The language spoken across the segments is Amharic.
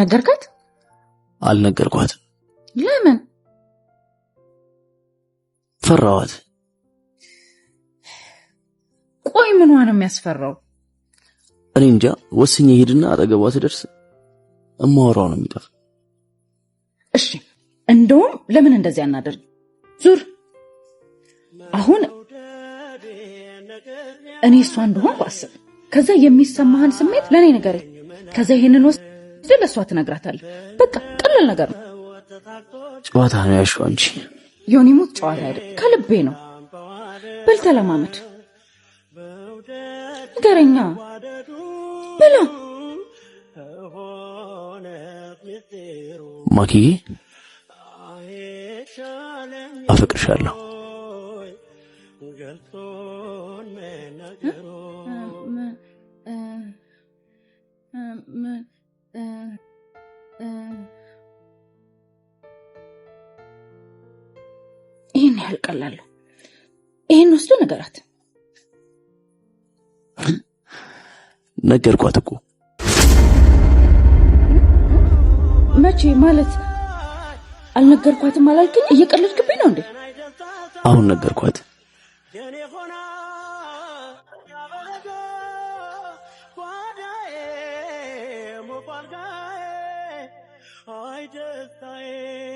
ነገርካት? አልነገርኳትም። ለምን? ፈራዋት። ቆይ ምኗ ነው የሚያስፈራው? እኔ እንጃ። ወስኝ ሄድና አጠገቧ ትደርስ እማወራው ነው የሚጠፍ። እሺ፣ እንደውም ለምን እንደዚህ አናደርግ? ዙር አሁን እኔ እሷ እንደሆንኩ አስብ። ከዛ የሚሰማህን ስሜት ለእኔ ንገረኝ። ከዛ ይህንን ወስ ጊዜ ለእሷ ትነግራታለህ። በቃ ቀላል ነገር ነው። ጨዋታ ነው ያልሽው እንጂ ዮኒ ሞት ጨዋታ አይደል፣ ከልቤ ነው። በል ተለማመድ፣ ንገረኛ በላ ማኪዬ፣ አፈቅርሻለሁ። Hm. Hm. ይህን ያህል ቀላል ይህን ወስዶ ነገራት። ነገርኳት እኮ መቼ ማለት አልነገርኳትም አላልክኝ? እየቀለድክብኝ ነው እንዴ? አሁን ነገርኳት። just die.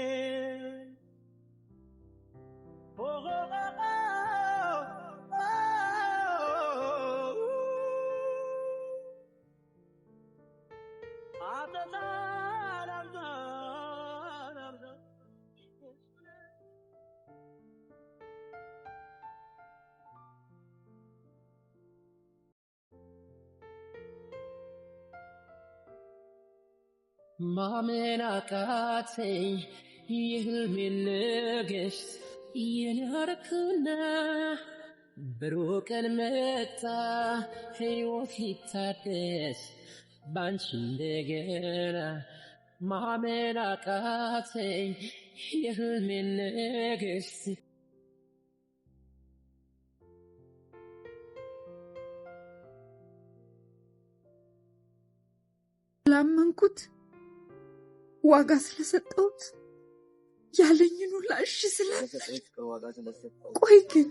ማመን አቃተኝ የህልሜን ንግሥት የናርክና ብሩህ ቀን መጣ ህይወት ይታደስ ባንቺ እንደገና ማመን አቃተኝ የህልሜን ንግሥት ላመንኩት ዋጋ ስለሰጠሁት ያለኝን ሁላ እሺ ስለ ቆይ ግን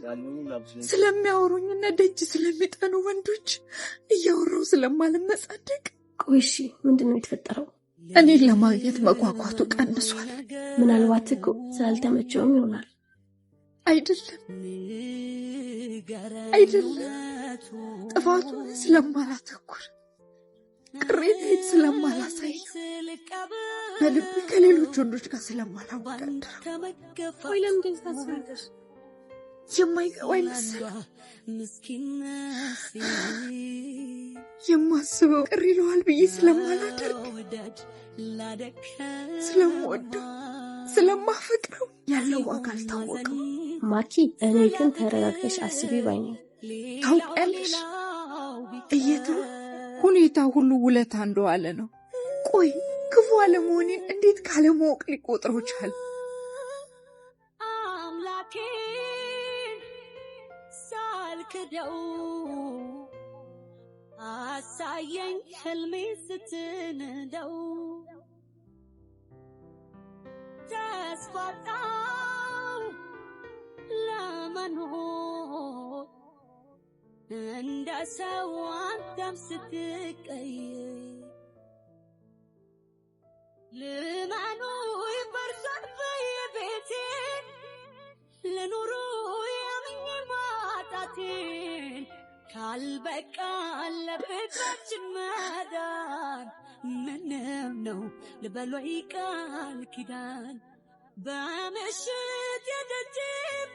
ስለሚያወሩኝና ደጅ ስለሚጠኑ ወንዶች እያወራው ስለማልመጻደቅ ቆይ እሺ ምንድን ነው የተፈጠረው እኔን ለማግኘት መጓጓቱ ቀንሷል ምናልባት እኮ ስላልተመቸውም ይሆናል አይደለም አይደለም ጥፋቱ ስለማላተኩር ቅሬታዬን ስለማላሳይ በልብ ከሌሎች ወንዶች ጋር ስለማላወዳደር ወይ ለምንድን ታስፈልገሽ የማይገባኝ መሰለህ? የማስበው ቅር ይለዋል ብዬ ስለማላደርግ ስለምወደው ስለማፈቅረው ያለው ዋጋ አልታወቀም። ማኪ፣ እኔ ግን ተረጋግተሽ አስቢ ባይነ ታውቂያለሽ እየተወ ሁኔታ ሁሉ ውለታ እንደዋለ ነው። ቆይ ክፉ አለመሆኔን እንዴት ካለማወቅ ሊቆጥረው ቻለ? አምላኬን ሳልክደው አሳየኝ ህልሜ ስትንደው ተስፋጣው ለመኖር እንዳ ሰው አንተም ስትቀይ ልመኑ ይፈርሳል በየቤቴ ለኑሮ ያምኝ ማጣቴን ካልበቃ ለቤታችን መዳን ምንም ነው ልበሎ ቃል ኪዳን በምሽት የደጅ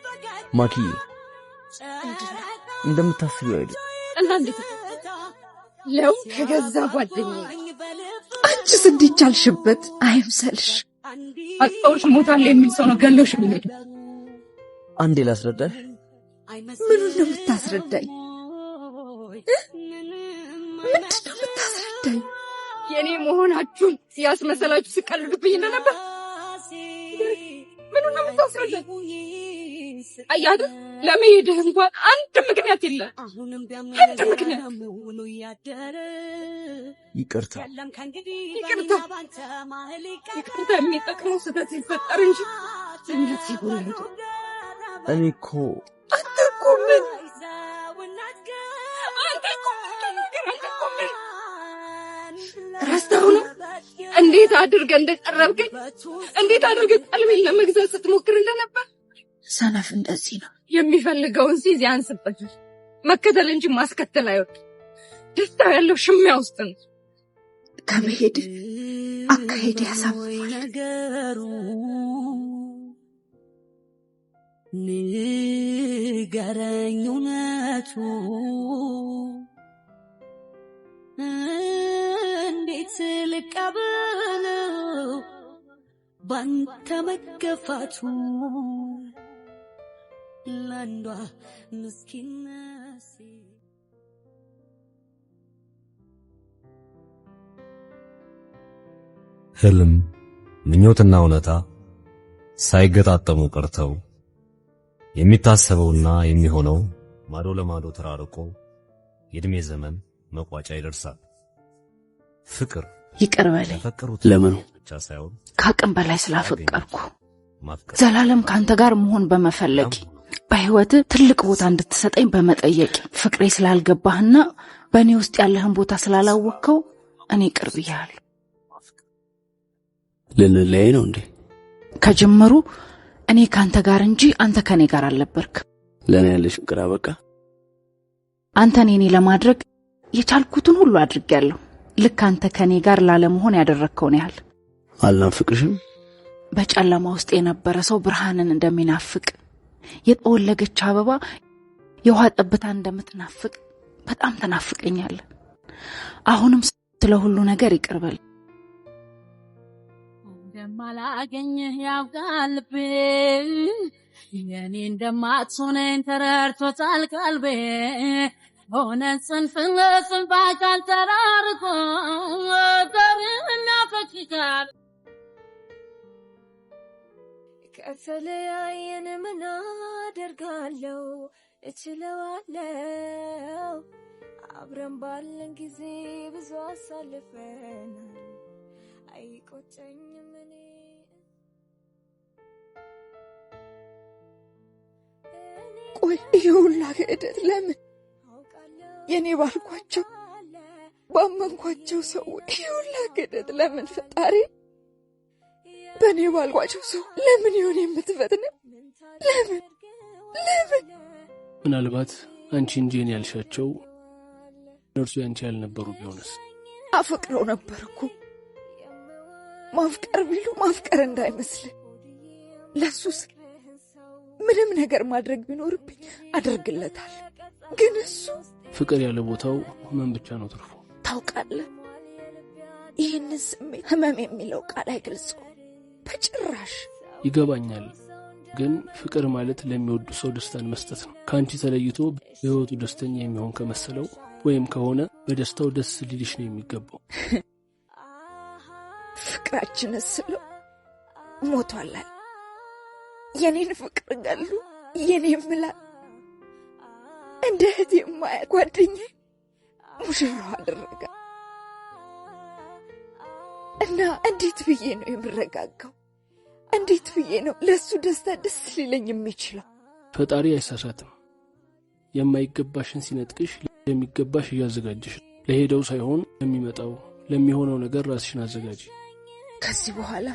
በጋ ማኪ እንደምታስቢው አይደል እና እንዴት ለው ከገዛ ጓደኛ አንቺስ እንዴት ቻልሽበት? አይምሰልሽ አጣውሽ ሞታል የሚል ሰው ነው ገለሽ የሚሄድ። አንዴ ላስረዳሽ። ምኑ እንደምታስረዳኝ የምታስረዳኝ? እንደምታስረዳኝ የእኔ መሆናችሁን ያስመሰላችሁ ስቀልዱብኝ እንደነበር ምን ነው አያት ለመሄድህ እንኳን አንድ ምክንያት የለም። አንድ ምክንያት ይቅርታ፣ ይቅርታ፣ ይቅርታ የሚጠቅመው ስህተት እንጂ እኔ እኮ አንተ እኮ ምን አንተ እኮ ምን ረስተው ነው እንዴት አድርገ እንደቀረብከኝ፣ እንዴት አድርገ ቀልቤን ለመግዛት ስትሞክር እንደነበር። ሰነፍ እንደዚህ ነው የሚፈልገውን ሲዝ ያንስበታል። መከተል እንጂ ማስከተል አይወድ። ደስታ ያለው ሽሚያ ውስጥ ነው። ከመሄድ አካሄድ ያሳብባል። ንገረኝ እንዴት ልቀበለው ባንተ መገፋቱ ለአንዷ ምስኪን ህልም ምኞትና እውነታ ሳይገጣጠሙ ቀርተው የሚታሰበውና የሚሆነው ማዶ ለማዶ ተራርቆ የእድሜ ዘመን መቋጫ ይደርሳል። ፍቅር ይቅር በለኝ። ለምን ከአቅም በላይ ስላፈቀርኩ ዘላለም ከአንተ ጋር መሆን በመፈለግ በህይወት ትልቅ ቦታ እንድትሰጠኝ በመጠየቅ ፍቅሬ ስላልገባህና በእኔ ውስጥ ያለህን ቦታ ስላላወቅከው እኔ ቅርብ ያል ልንለያይ ነው እንዴ? ከጀመሩ እኔ ከአንተ ጋር እንጂ አንተ ከእኔ ጋር አልነበርክ። ለእኔ ያለሽ ፍቅር አበቃ። አንተ እኔ ለማድረግ የቻልኩትን ሁሉ አድርጌያለሁ። ልክ አንተ ከእኔ ጋር ላለመሆን ያደረግከውን ያህል አልናፍቅሽም። በጨለማ ውስጥ የነበረ ሰው ብርሃንን እንደሚናፍቅ፣ የጠወለገች አበባ የውሃ ጠብታ እንደምትናፍቅ በጣም ተናፍቀኛለን። አሁንም ስለ ሁሉ ነገር ይቅርበል። እንደማላገኝህ ያውቃል ልቤ፣ የኔ እንደማትሆነኝ ተረድቶታል ቀልቤ ሆነ ጽንፍ ከተለያየን ምን አደርጋለሁ? እችለዋለሁ። አብረን ባለን ጊዜ ብዙ አሳልፈናል። አይቆጨኝም እኔ ቆይ ይሁላ ክህደት ለምን የኔ ባልኳቸው ባመንኳቸው ሰዎች ይሁላ ገደት ለምን ፈጣሪ በእኔ ባልኳቸው ሰው ለምን ይሆን የምትፈጥን? ለምን ለምን? ምናልባት አንቺ እንጂ እኔ ያልሻቸው እነርሱ ያንቺ ያልነበሩ ቢሆንስ? አፈቅረው ነበር እኮ ማፍቀር ቢሉ ማፍቀር እንዳይመስል ለሱስ ምንም ነገር ማድረግ ቢኖርብኝ አደርግለታል። ግን እሱ ፍቅር ያለ ቦታው ህመም ብቻ ነው ትርፎ ታውቃለህ፣ ይህን ስሜት ህመም የሚለው ቃል አይገልጸው በጭራሽ። ይገባኛል፣ ግን ፍቅር ማለት ለሚወዱ ሰው ደስታን መስጠት ነው። ከአንቺ ተለይቶ በህይወቱ ደስተኛ የሚሆን ከመሰለው ወይም ከሆነ በደስታው ደስ ሊልሽ ነው የሚገባው። ፍቅራችን ስለው ሞቷላል። የኔን ፍቅር ገሉ የኔ ምላል እንደ እህት የማያት ሙሽራ አደረጋ እና እንዴት ብዬ ነው የምረጋጋው? እንዴት ብዬ ነው ለእሱ ደስታ ደስ ሊለኝ የሚችለው? ፈጣሪ አይሳሳትም። የማይገባሽን ሲነጥቅሽ ለሚገባሽ እያዘጋጅሽ ለሄደው ሳይሆን ለሚመጣው ለሚሆነው ነገር ራስሽን አዘጋጂ። ከዚህ በኋላ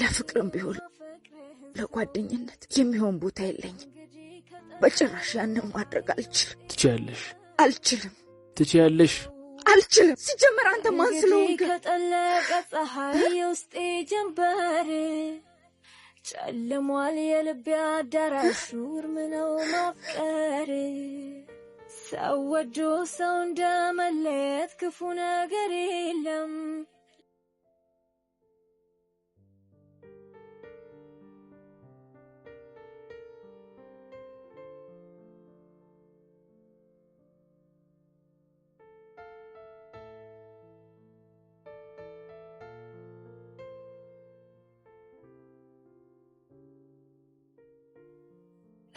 ለፍቅርም ቢሆን ለጓደኝነት የሚሆን ቦታ የለኝም። በጭራሽ ያንን ማድረግ አልችልም። ትችያለሽ። አልችልም። ትችያለሽ። አልችልም። ሲጀመር አንተ ማን ስለሆንክ ከጠለቀ ፀሐይ የውስጤ ጀንበር ጨልሟል። የልቤ አዳራሽ ውርም ነው ማፍቀር ሰው ወዶ ሰው እንደመለየት ክፉ ነገር የለም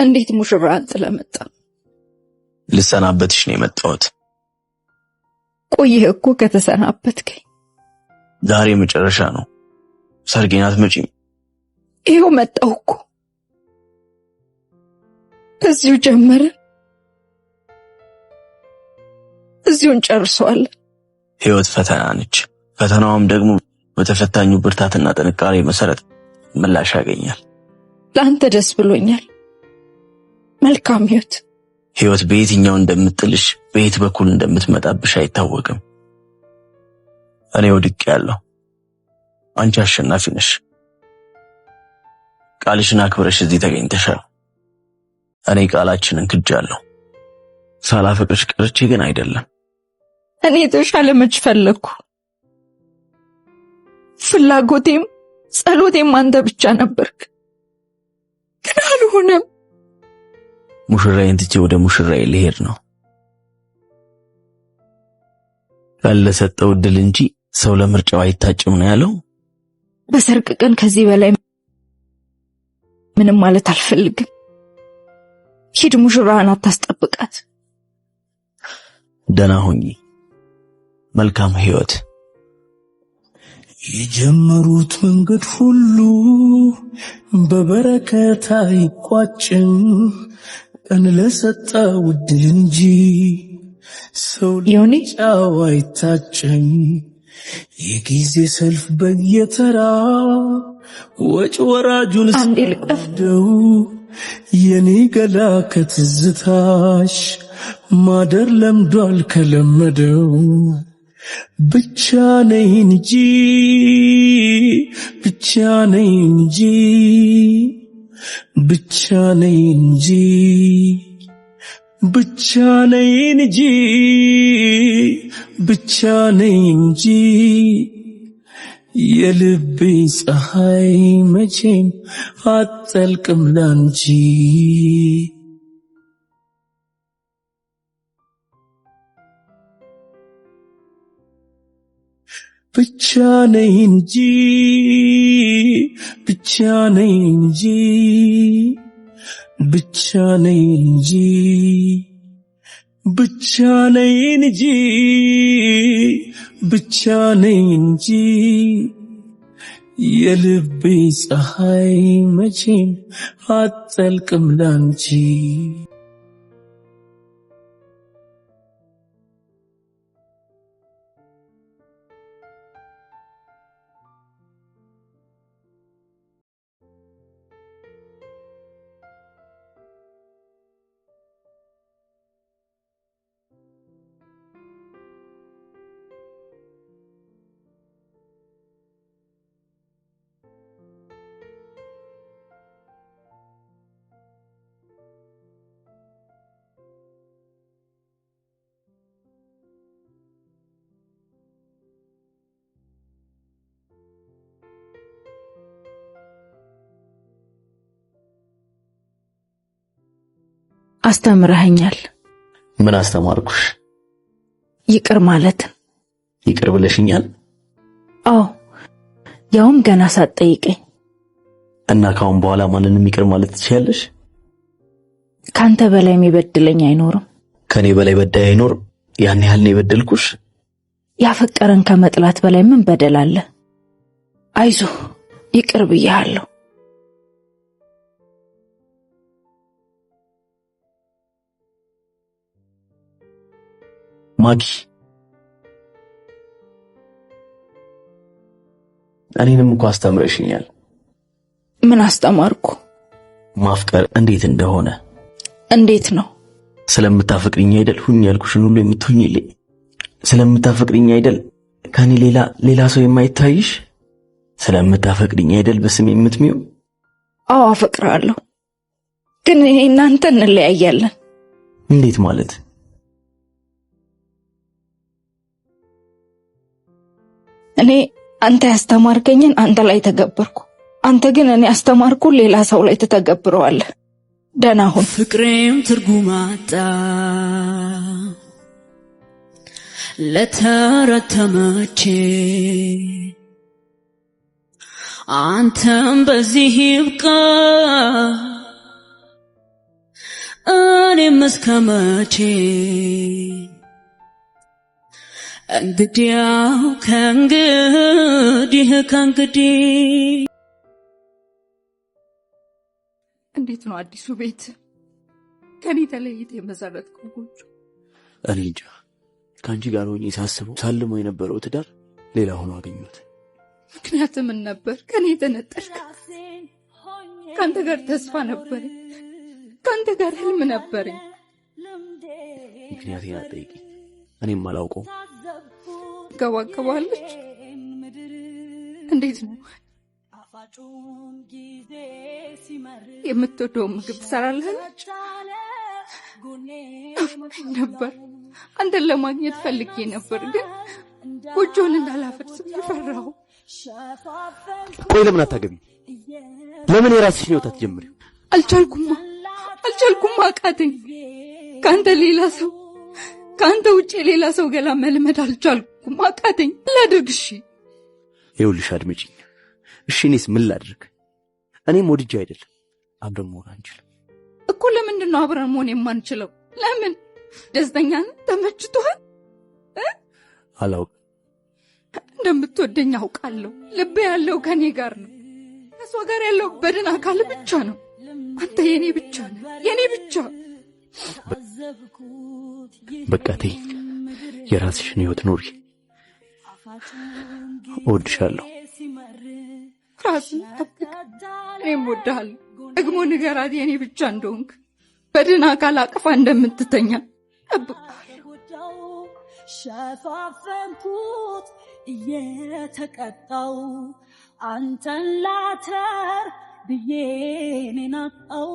እንዴት ሙሽራን አንጥለ መጣ? ልሰናበትሽ ነው የመጣሁት። ቆይህ እኮ ከተሰናበትከኝ ዛሬ መጨረሻ ነው። ሰርጌን አትመጪም? ይኸው መጣሁ እኮ። እዚሁ ጀመርን፣ እዚሁን ጨርሰዋለን። ህይወት ፈተና ነች። ፈተናዋም ደግሞ በተፈታኙ ብርታትና ጥንካሬ መሰረት ምላሽ ያገኛል። ለአንተ ደስ ብሎኛል። መልካም ህይወት። ህይወት በየትኛው እንደምጥልሽ በየት በኩል እንደምትመጣብሽ አይታወቅም። እኔ ወድቅ ያለው አንቺ አሸናፊ ነሽ። ቃልሽን አክብረሽ እዚህ ተገኝተሻል። እኔ ቃላችንን ክጃለሁ። ሳላፈቅርሽ ቀርቼ ግን አይደለም። እኔ የተሻለ መች ፈለግኩ። ፍላጎቴም ጸሎቴም አንተ ብቻ ነበርክ፣ ግን አልሆነም። ሙሽራዬን ትቼ ወደ ሙሽራዬ ልሄድ ነው። ካለሰጠው እድል እንጂ ሰው ለምርጫው አይታጭም ነው ያለው። በሰርግ ቀን ከዚህ በላይ ምንም ማለት አልፈልግም። ሂድ፣ ሙሽራህን አታስጠብቃት። ደህና ሁኚ፣ መልካም ህይወት። የጀመሩት መንገድ ሁሉ በበረከት አይቋጭም። ቀን ለሰጠ ውድ እንጂ ሰው ልጫው አይታጨኝ የጊዜ ሰልፍ በየተራ ወጭ ወራጁን ስደው የኔ ገላ ከትዝታሽ ማደር ለምዷል ከለመደው ብቻ ነኝ እንጂ ብቻ ነኝ እንጂ ብቻ ነኝ እንጂ ብቻ ነኝ እንጂ ብቻ ነኝ እንጂ የልቤ ፀሐይ መቼም አጠልቅም ላንቺ። ብቻ ነኝ እንጂ ብቻ ነኝ እንጂ ብቻ ነኝ እንጂ ብቻ ነኝ እንጂ ብቻ ነኝ እንጂ የልቤ ፀሐይ መቼም አጠልቅም ላንቺ አስተምረህኛል ምን አስተማርኩሽ? ይቅር ማለትን። ይቅር ብለሽኛል? አዎ፣ ያውም ገና ሳትጠይቀኝ። እና ካሁን በኋላ ማንንም ይቅር ማለት ትችያለሽ? ካንተ በላይ የሚበድለኝ አይኖርም። ከኔ በላይ በዳይ አይኖርም። ያን ያህል ነው የበደልኩሽ? ያፈቀረን ከመጥላት በላይ ምን በደል አለ? አይዞ ይቅር ብያለሁ። ማጊ እኔንም እኮ አስተምረሽኛል። ምን አስተማርኩ? ማፍቀር እንዴት እንደሆነ። እንዴት ነው? ስለምታፈቅሪኝ አይደል ሁኝ ያልኩሽን ሁሉ የምትሆኝልኝ። ስለምታፈቅሪኝ አይደል ከኔ ሌላ ሌላ ሰው የማይታይሽ። ስለምታፈቅሪኝ አይደል በስሜ የምትሚው። አዎ አፈቅራለሁ፣ ግን እኔ እናንተ እንለያያለን። እንዴት ማለት? እኔ አንተ ያስተማርከኝን አንተ ላይ ተገበርኩ። አንተ ግን እኔ አስተማርኩ ሌላ ሰው ላይ ትተገብረዋለህ። ደህና ሁን። ፍቅሬም ትርጉም አጣ ለተረት ተመቼ አንተም በዚህ ይብቃ እኔም እስከ መቼ እንግዲያው ከእንግዲህ ከእንግዲህ እንዴት ነው አዲሱ ቤት ከኔ ተለይተ የመሰረትከው ጎጆ? እኔ እንጃ። ከአንቺ ጋር ሆኜ ሳስበው ሳልሞ የነበረው ትዳር ሌላ ሆኖ አገኘሁት። ምክንያት ምን ነበር? ከኔ የተነጠልክ። ከአንተ ጋር ተስፋ ነበር ከአንተ ጋር ህልም ነበር ምክንያት ና እኔም አላውቀውም። ትንከባከባለች። እንዴት ነው የምትወደው ምግብ ትሰራለች ነበር። አንተን ለማግኘት ፈልጌ ነበር፣ ግን ጎጆን እንዳላፈርስ ፈራሁ። ቆይ ለምን አታገቢ? ለምን የራስሽን ህይወት አትጀምሪው? አልቻልኩማ፣ አልቻልኩማ፣ አቃተኝ። ከአንተ ሌላ ሰው ከአንተ ውጭ ሌላ ሰው ገላ መልመድ አልቻልኩ። ማቃተኝ ላድርግ። እሺ ይኸውልሽ፣ አድምጪኝ እሺ። እኔስ ምን ላድርግ? እኔም ወድጄ አይደለም። አብረን መሆን አንችልም እኮ። ለምንድን ነው አብረን መሆን የማንችለው? ለምን? ደስተኛ ነህ? ተመችቶሃል? አላውቅም። እንደምትወደኝ አውቃለሁ። ልብ ያለው ከእኔ ጋር ነው። ከእሷ ጋር ያለው በድን አካል ብቻ ነው። አንተ የእኔ ብቻ ነህ፣ የእኔ ብቻ። በቃቴ የራስሽን ህይወት ኑሪ። እወድሻለሁ። ራስን ጠብቅ፣ እኔም እወድሃለሁ። ደግሞ ንገራት የኔ ብቻ እንደሆንክ በድን አካል አቅፋ እንደምትተኛ ሸፋፈንኩት እየተቀጣው አንተን ላተር ብዬ ኔናጣው